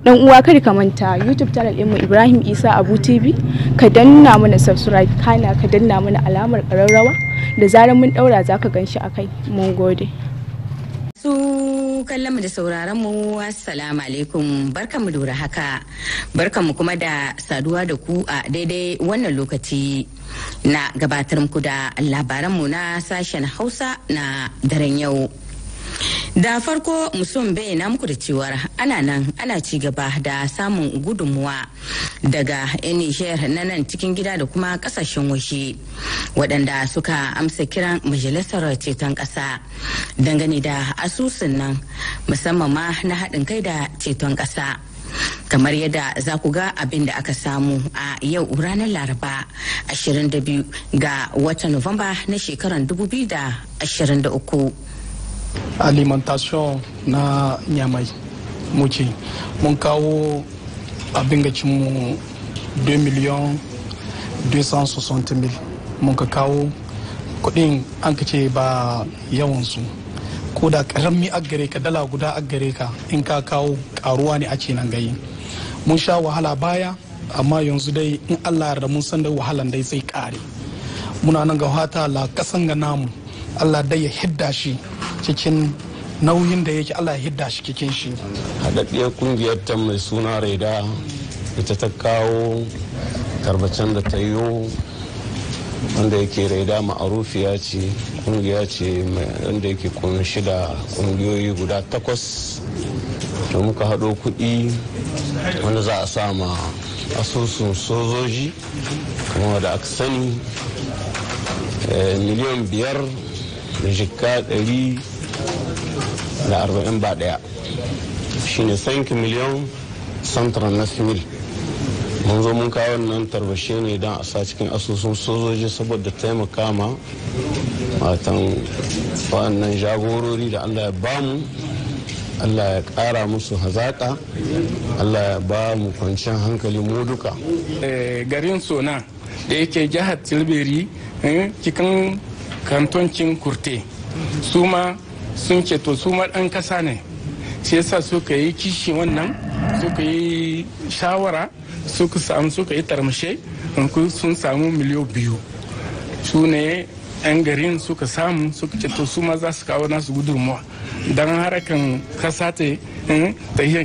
dan uwa kada ka manta youtube channel mu ibrahim isa abu tv ka danna mana subscribe kana ka danna mana alamar kararrawa da zarar mun daura za ka ganshi a kai mun gode su kallon mu da sauraron mu assalamu alaikum mu dora haka mu kuma da saduwa da ku a daidai wannan lokaci na gabatar muku da labaran mu na sashen hausa na daren yau da farko bai na muku da cewar ana nan ana ci gaba da samun gudunmuwa daga nishiyar na nan cikin gida da kuma kasashen waje waɗanda suka amsa kiran majalisar ceton ƙasa dangane da asusun nan musamman ma na haɗin kai da ceton ƙasa kamar yadda za ku ga abin da aka samu a yau ranar laraba 22 ga watan nuwamba na shekarar 2023 alimentation na nyamai muke mun kawo abin mu 2 miliyan 260 mil mun ka kawo kudin an ka ce ba yawansu ko da karami gare ka dala guda gare ka in ka kawo karuwa ne a ce nan gayi mun sha wahala baya amma yanzu dai in allah yarda mun san da wahalan dai zai kare muna nan ga hata la kasan ga namu allah dai ya hidda shi cikin nauyin da yake allah ya hidda shi cikin shi haɗaɗɗiyar kungiyar ta mai suna raida ita ta kawo karbacen da ta yiwu wanda yake raida ma'arufiya ce kungiya ce wanda yake kunshi da kungiyoyi guda takwas da muka haɗo kuɗi wanda za a sama asusun sojoji kuma da aka sani eh, miliyan biyar da jikka ɗari da arba'in ba ɗaya shine sanki miliyan santaran na mil mun zo mun kawo nan tarbashe ne don a sa cikin asusun sojoji saboda taimaka ma matan wannan jagorori da allah ya bamu allah ya kara musu hazaƙa allah ya ba mu kwanciyar hankali mu duka eh, garin sona da yake jihar tilberi eh, cikin kantoncin kurte su ma sun ce to su ma ɗan ƙasa ne shi yasa suka yi kishi wannan suka yi shawara suka samu suka yi tarmashe sun samu miliyo biyu su ne 'yan garin suka samu suka ce to su ma za su kawo nasu gudunmuwa don harakan kasa ta Hmm? tahiyan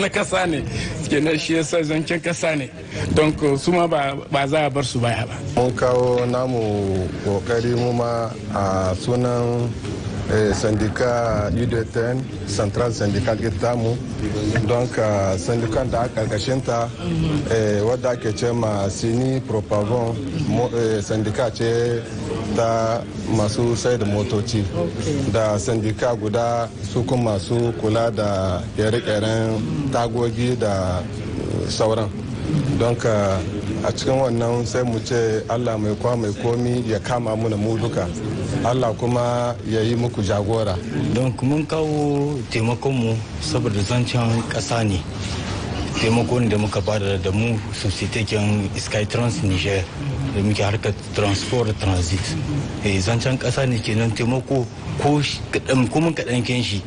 na kasa ne kenan shi yasa zancen kasa ne don su ma ba za a bar su baya ba mun kawo namu kokari mu ma a sunan syndicat udtn central syndical tamu Donc, ka euh, syndicat da aka karkashinta mhm. eh, wadda ake ce ma sini propavon eh, syndicat ce ta masu sai motoci da syndicat guda su masu kula da kere-keren tagogi da eh, sauran mhm. don ka a cikin wannan sai mu ce allah mai kwa mai komi ya kama mu da mu duka allah kuma ya yi muku jagora don mun kawo mu saboda zancen ƙasa ne taimakon da muka bada da mu sositekin skytrans niger da muke harkar transport transit eh, zancen ƙasa ne kenan taimako ko mun kaɗan kenshi shi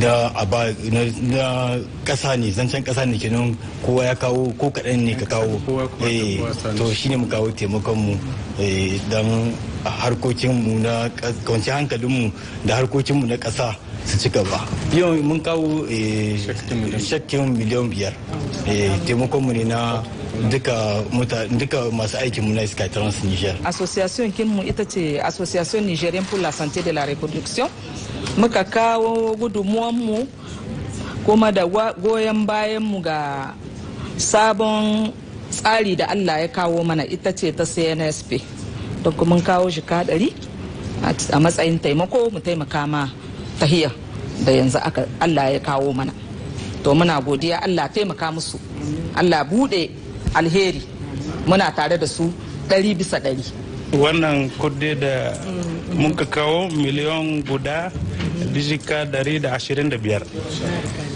da a ba na kasa ne zancen kasa ne kenan kowa ya kawo ko kaɗan ne ka kawo eh, to shine mu kawo taimakon mu eh, don mu na kwanci mu da mu na kasa su ci gaba yau mun kawo eh, shakkin miliyan biyar mu ne na duka duka masu aikin mu na iska trans niger association kinmu ita ce association nigerian pour la santé de la reproduction muka kawo gudunmuwanmu kuma da goyon bayanmu ga sabon tsari da allah ya kawo mana ita ce ta cnsp don kuma kawo shi kaɗari a matsayin taimako mu taimaka ma tahiya da yanzu allah ya kawo mana to muna godiya allah taimaka musu allah bude alheri muna tare da su ɗari bisa ɗari wannan kudi da muka kawo miliyan guda dijika 125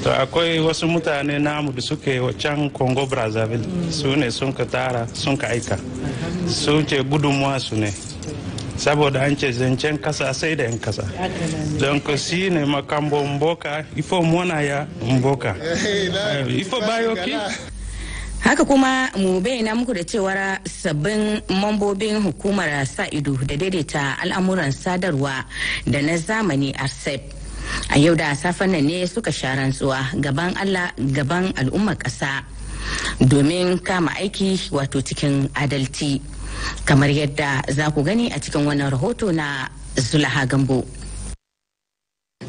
to akwai wasu mutane namu da suke wacan congo brazzaville su ne sun ka tara sun ka aika sun ce gudunmuwa su ne saboda an ce zancen kasa sai da 'yan kasa don ku si ne makambo mboka ifo mwana ya mboka eh, eh, ifo bayoki haka kuma mu bayyana muku da cewar sabbin mambobin hukumar sa ido da daidaita al'amuran sadarwa da na zamani arsep a yau da safen nan ne suka sha rantsuwa gaban allah gaban al'ummar ƙasa domin kama aiki wato cikin adalci kamar yadda za ku gani a cikin wannan rahoto na zulaha gambo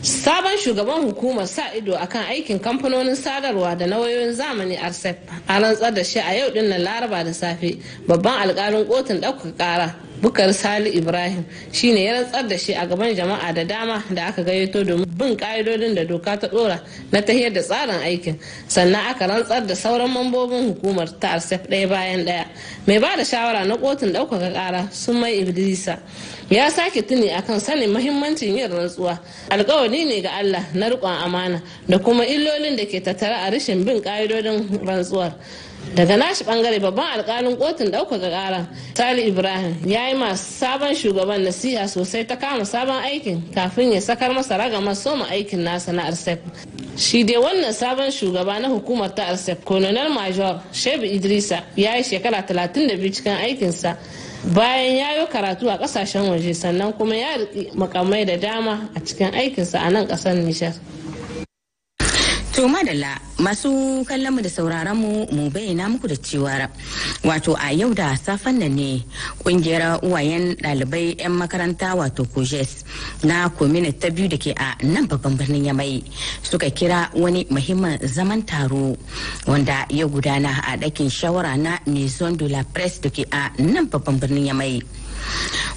Sabon shugaban hukumar sa ido akan aikin kamfanonin sadarwa da na wayoyin zamani arsef a rantsar da shi a yau din nan Laraba da safe babban alkalin kotun ɗaukaka ƙara Bukar Sali Ibrahim shine ya rantsar da shi a gaban jama'a da dama da aka gayyato domin bin ka'idodin da doka ta dora na tahiyar da tsarin aikin sannan aka rantsar da sauran mambobin hukumar ta arsef ɗaya bayan ɗaya mai ba da shawara na kotun ɗaukaka ƙara sun mai Iblisa ya sake tuni akan sanin mahimmancin yin rantsuwa alkawari ne ga allah na riƙon amana da kuma illolin da ke tattara a rashin bin ƙa'idodin rantsuwar daga nashi bangare babban alkalin kotun ɗaukaka ƙara tali ibrahim ya yi masu sabon shugaban nasiha sosai ta kama sabon aikin kafin ya sakar masa ragama soma aikin nasa na arsef shi dai wannan sabon shugaba na hukumar ta arsef colonel major shebi idrisa ya yi shekara 32 cikin aikinsa bayan ya yi karatu a kasashen waje sannan kuma ya riƙi makamai da dama a cikin aikinsa a nan ƙasar nishar To madalla masu kallon mu da sauraron mu mu bayyana muku da cewa wato a yau da safen nan ne kungiyar uwayen dalibai 'yan makaranta wato kojes na komini ta biyu da ke a nan babban birnin yamai suka kira wani muhimmin zaman taro wanda ya gudana a ɗakin shawara na nison de la presse da a nan babban birnin yamai.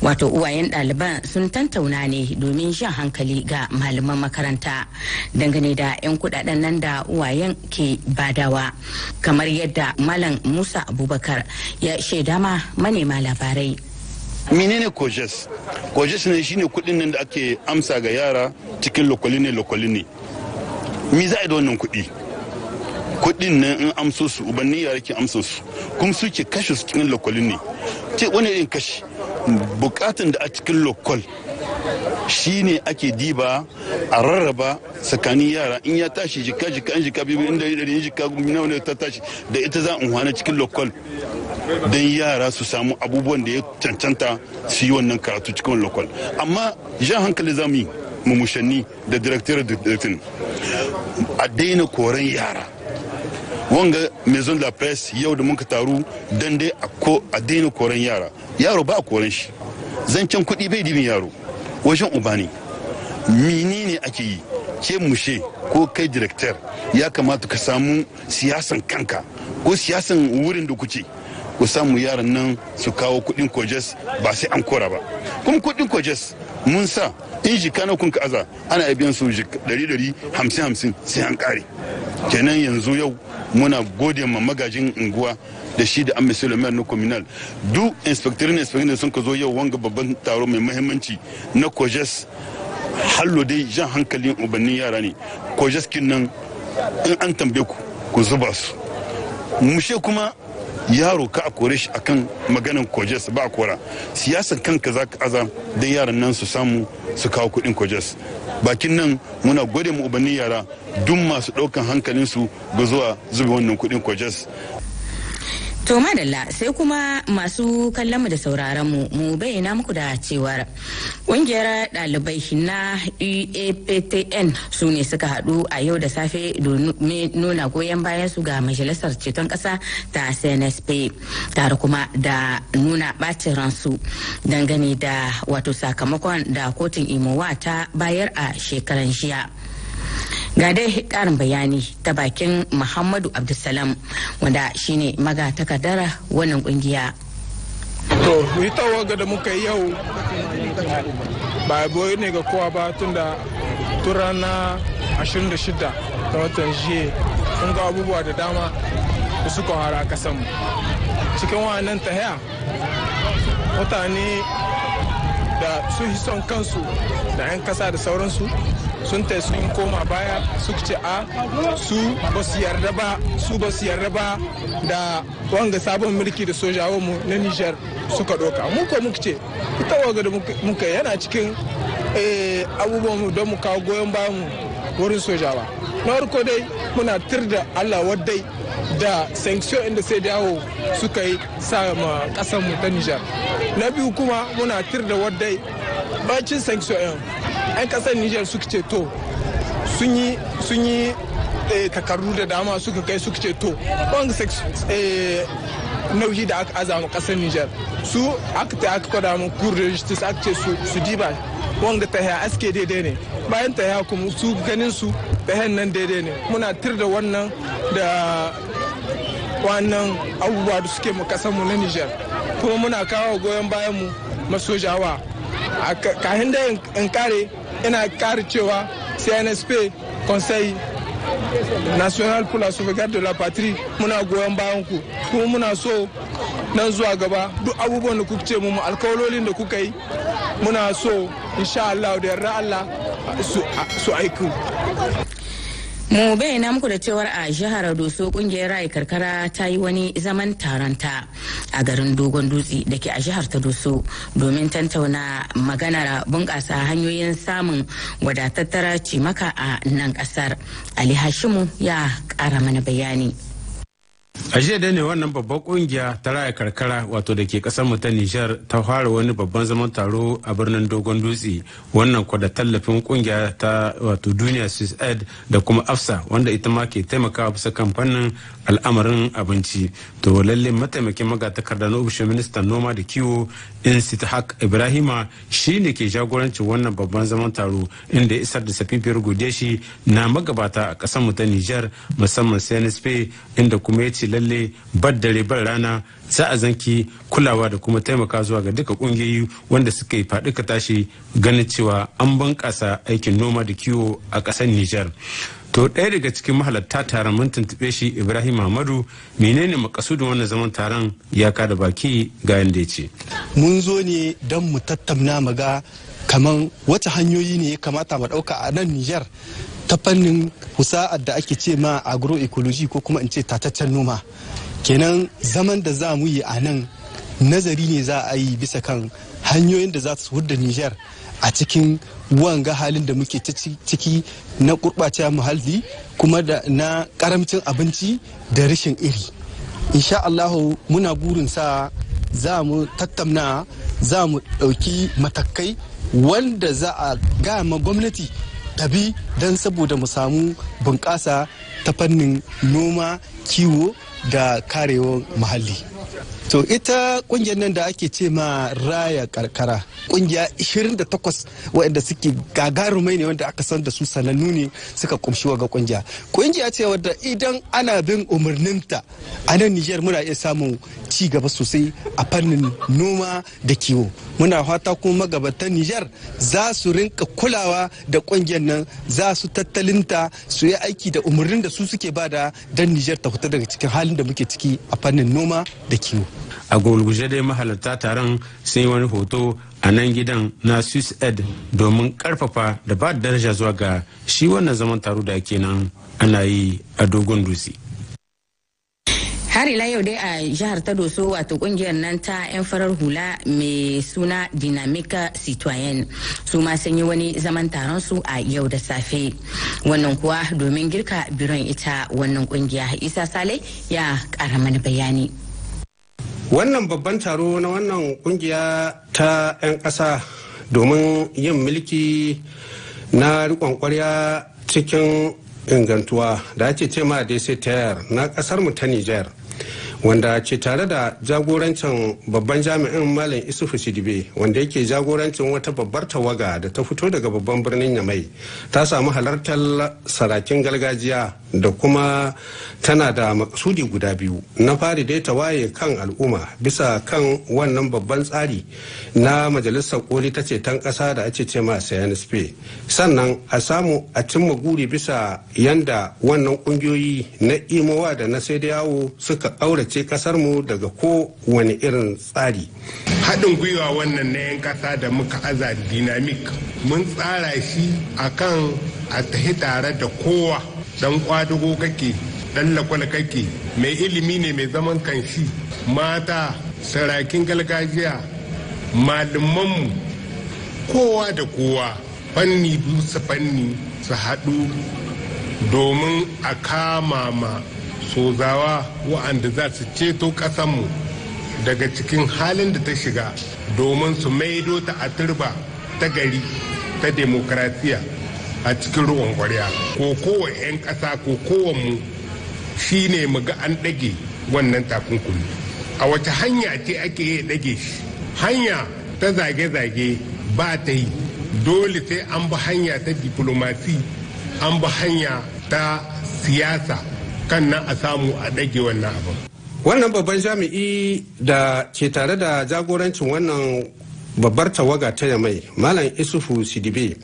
wato uwayen ɗaliban sun tantauna ne domin shan hankali ga malaman makaranta dangane da 'yan kudaden nan da uwayen ke badawa kamar yadda malam musa abubakar ya shaida ma manema labarai menene kojes kojes ne shine kudin nan da ake amsa ga yara cikin lokolini lokolini mi za a da wannan kudi kudin nan in amso su ubanni yara ke amsa su kuma suke kashe su cikin lokolini ce wani irin kashi bukatun da a cikin lokal shine ake diba a rarraba tsakanin yara in ya tashi jika jika an jika biyu inda yi jika na ne ta tashi da ita za in cikin lokal don yara su samu abubuwan da ya cancanta su yi wannan karatu cikin lokal amma jan hankali za mu yi mamushanni da direktar da a daina koren yara wanga maison de la presse yau da muka taru dan dai a daina koren yara yaro ba a koren shi zancen kuɗi bai dibin yaro wajen uba ne menene ake yi ke mushe ko kai director ya kamata ka samu siyasan kanka ko siyasan wurin da kuke ku samu yaran nan su kawo kuɗin kojes ba sai an kora ba kuma kuɗin kojes mun sa in jika na kun aza ana biyan su dari dari hamsin hamsin sai an kare kenan yanzu yau muna gode ma magajin unguwa da shi da amma suleiman na communal duk inspector na inspector sun ka zo yau wanga babban taro mai muhimmanci na kojes hallo dai jan hankalin ubannin yara ne kojes kin nan in an tambaye ku ku zuba su mushe kuma yaro ka a kore shi akan maganan kojes ba a kora siyasan kanka za ka aza don yaran nan su samu su kawo kuɗin kojes bakin nan muna gode mu ubanni yara duk masu ɗaukan hankalinsu ga zuwa zuba wannan kuɗin kojes To madalla sai kuma masu kallon mu da sauraron mu mu bayyana muku da cewa kungiyar dalibai na eaptn su ne suka hadu a yau da safe domin nuna goyon bayan su ga majalisar ceton kasa ta CNSP tare kuma da nuna ɓacin ransu dangane da wato sakamakon da kotun imowa ta bayar a shekaran jiya. ga dai karin bayani ta bakin muhammadu abdulsalam wanda shine takardara wannan kungiya to hitawa ga da muka yi yau ba boye ne ga kowa ba tun da turana 26 ta watan jiye sun ga abubuwa da dama da suka hara kasanmu cikin wannan tahiya mutane da su son kansu da 'yan kasa da sauransu sun ta sun koma baya suka ce a ah, su ba su yarda ba su ba su yarda ba da wanga sabon mulki da sojawa mu na Nijar suka doka mu ko muka ce ita waga da muka yana cikin eh, abubuwan mu don mu kawo goyon bayan mu wurin sojawa na farko dai muna tir da Allah waddai da sanction inda sai dawo suka yi sa ma kasar mu ta Nijar na biyu kuma muna tir da waddai bacin sanction 'yan kasar niger suka ce to sun yi eh, takardu da dama suka kai suka ce to eh, nauyi da aka azama kasar niger su aka ta aka kwada mu kur da aka ce su diba wanga ta haya aske daidai ne bayan ta haya kuma su ganin su ta nan daidai ne muna tir da wannan da wannan abubuwa da suke mu kasar mu na niger kuma muna kawo goyon bayan mu masojawa kahin da in kare ina kar cewa cnsp conseil national pour la sauvegarde de la patrie muna goyon bayan ku kuma muna so nan zuwa gaba duk abubuwan da kuka ce mu alkawalolin da kuka yi muna so insha Allah da yarda Allah su aiku mu bayyana muku da cewar a jihar doso kungiyar rayu karkara ta yi wani zaman taronta a garin dogon dutse da ke a jihar ta doso domin tantauna maganar bunƙasa hanyoyin samun wadatattara cimaka a nan ƙasar ali hashimu ya ƙara mana bayani a jiya da ne wannan babban kungiya ta raya karkara wato da ke kasar ta nijar ta fara wani babban zaman taro a birnin dogon dutse wannan kwa tallafin kungiya ta wato duniya swiss aid da kuma afsa wanda ita ma ke taimakawa bisa kamfanin al'amarin abinci to lalle mataimakin magatakarda na ofishin ministan noma da kiwo insit haq ibrahima shi ne ke jagorancin wannan babban zaman taro inda ya isar da safifiyar gode shi na magabata a kasar ta nijar musamman senespe inda kuma ya ce lalle bar dare bar rana sa a zanki kulawa da kuma taimaka zuwa ga duka kungiyoyi wanda suka yi faɗi tashi ganin cewa an bunƙasa aikin noma da kiwo a ƙasar Nijar. To ɗaya daga cikin mahalarta taron mun tuntuɓe shi Ibrahim Ahmadu menene makasudin wannan zaman taron ya da baki ga yanda ya ce. Mun zo ne don mu tattauna mu ga kaman wata hanyoyi ne ya kamata mu ɗauka a nan Nijar ta fannin husa'ar da ake ce ma agroecology ko kuma in ce tataccen noma kenan zaman da za mu yi a nan nazari ne za a yi bisa kan hanyoyin da za su hudda nijar a cikin wanga halin da muke ciki na gurɓacewa muhalli kuma da na karamcin abinci da rashin iri insha allahu muna gurin sa za mu tattauna za mu ɗauki matakai wanda za a gama gwamnati tabi don saboda mu samu bunƙasa ta fannin noma kiwo da karewar muhalli to ita kungiyar nan da ake ce ma raya karkara kungiya 28 waɗanda suke gagarumai ne wanda aka san da su sanannu ne suka kumshi waga kungiya kungiya ce wadda idan ana bin umarninta a nan nijar muna iya samun ci gaba sosai a fannin noma da kiwo muna fata kuma magabatan nijar za su rinka kulawa da kungiyar nan za su tattalinta su yi aiki da umarnin da su suke bada dan nijar ta fita daga cikin halin da muke ciki a fannin noma da kiwo a gulgushe dai mahalarta taron sun yi wani hoto a nan gidan na swiss ed domin karfafa da ba daraja zuwa ga shi wannan zaman taro da ake nan ana yi a dogon dutse har ila yau dai a jihar ta doso wato kungiyar nan ta 'yan farar hula mai suna dinamika citoyen su ma sun yi wani zaman taron su a yau da safe wannan kuwa domin girka biron ita wannan kungiya isa sale ya kara mana bayani wannan babban taro na wannan kungiya ta 'yan ƙasa domin yin mulki na rikon kwarya cikin ingantuwa da ake ce ma tayar na ƙasar mu ta niger wanda ce tare da jagorancin babban jami'in malam isufu sidibe wanda yake jagorancin wata babbar tawaga da ta fito daga babban birnin yamai ta samu halartar sarakin gargajiya da kuma tana da maksudi guda biyu na fari dai ta waye kan al'umma bisa kan wannan babban tsari na majalisar koli ta ceton kasa da ake ce ma sayan sannan a samu a cimma guri bisa yanda wannan kungiyoyi na imowa da na sai da yawo suka aure ce kasarmu daga ko wani irin tsari. Haɗin gwiwa wannan na 'yan ƙasa da muka aza dinamik mun tsara shi a kan. a tahi tare da kowa ɗan kwadugo kake ɗan lakwal kake mai ilimi ne mai zaman kanshi mata sarakin gargajiya malamanmu kowa da kowa fanni su fanni su haɗu domin a kama ma sozawa wa'anda za su ceto ƙasanmu daga cikin halin da ta shiga domin su maido ta a turba ta gari ta demokratiya a cikin ruwan kwarya ko kowa 'yan ƙasa ko kowanmu shi ne muga an ɗage wannan takunkumi a wace hanya ce ake yi ɗage shi hanya ta zage-zage ba ta yi dole sai an bi hanya ta diplomasi an bi hanya ta siyasa kan nan a samu a ɗage wannan abin wannan babban jami'i da ke tare da jagorancin wannan babbar tawaga ta yamai malam isufu sidibe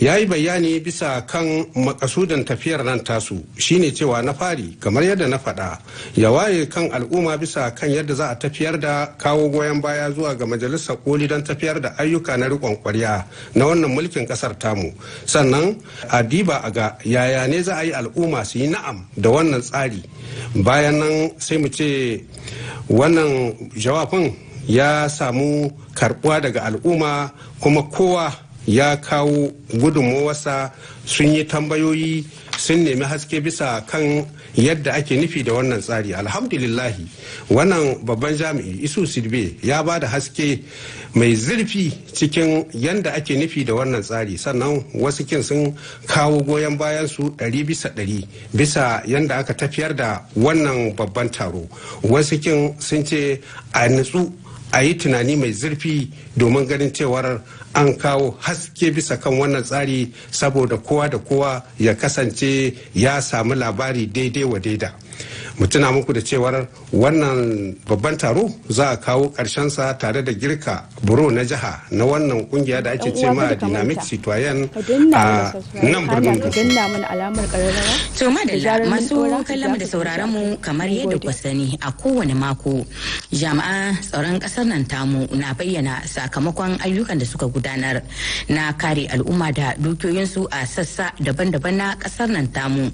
ya yi bayani bisa kan makasudan tafiyar nan tasu shine cewa na fari kamar yadda na faɗa ya waye kan al'umma bisa kan yadda za a tafiyar da kawo goyon baya zuwa ga majalisar koli don tafiyar da ayyuka na rikon kwarya na wannan mulkin kasar tamu sannan a diba a ga yaya ne za a yi al'umma su yi na'am da wannan tsari bayan nan sai mu ce wannan jawabin ya samu karbuwa daga al'umma kuma kowa ya kawo gudunmowarsa sun yi tambayoyi sun nemi haske bisa kan yadda ake nufi da wannan tsari alhamdulillahi wannan babban jami'i isu sirbe ya ba da haske mai zurfi cikin yadda ake nufi da wannan tsari sannan wasu kin sun kawo goyon bayan su ɗari bisa ɗari bisa yadda aka tafiyar da wannan babban taro wasu kin sun ce a nutsu a yi tunani mai zurfi domin ganin cewar an kawo haske bisa kan wannan tsari saboda kowa da kowa ya kasance ya samu labari daidai wa daida mu tuna muku da cewar wannan babban taro za a kawo sa tare da girka buro na jiha na wannan kungiya da ake ce ma dynamic citoyen a nan birnin da to madalla masu kallon da sauraron mu kamar yadda ku sani a kowane mako jama'a tsaron kasar nan tamu na bayyana sakamakon ayyukan da suka gudanar na kare al'umma da dukiyoyinsu a sassa daban-daban na kasar nan tamu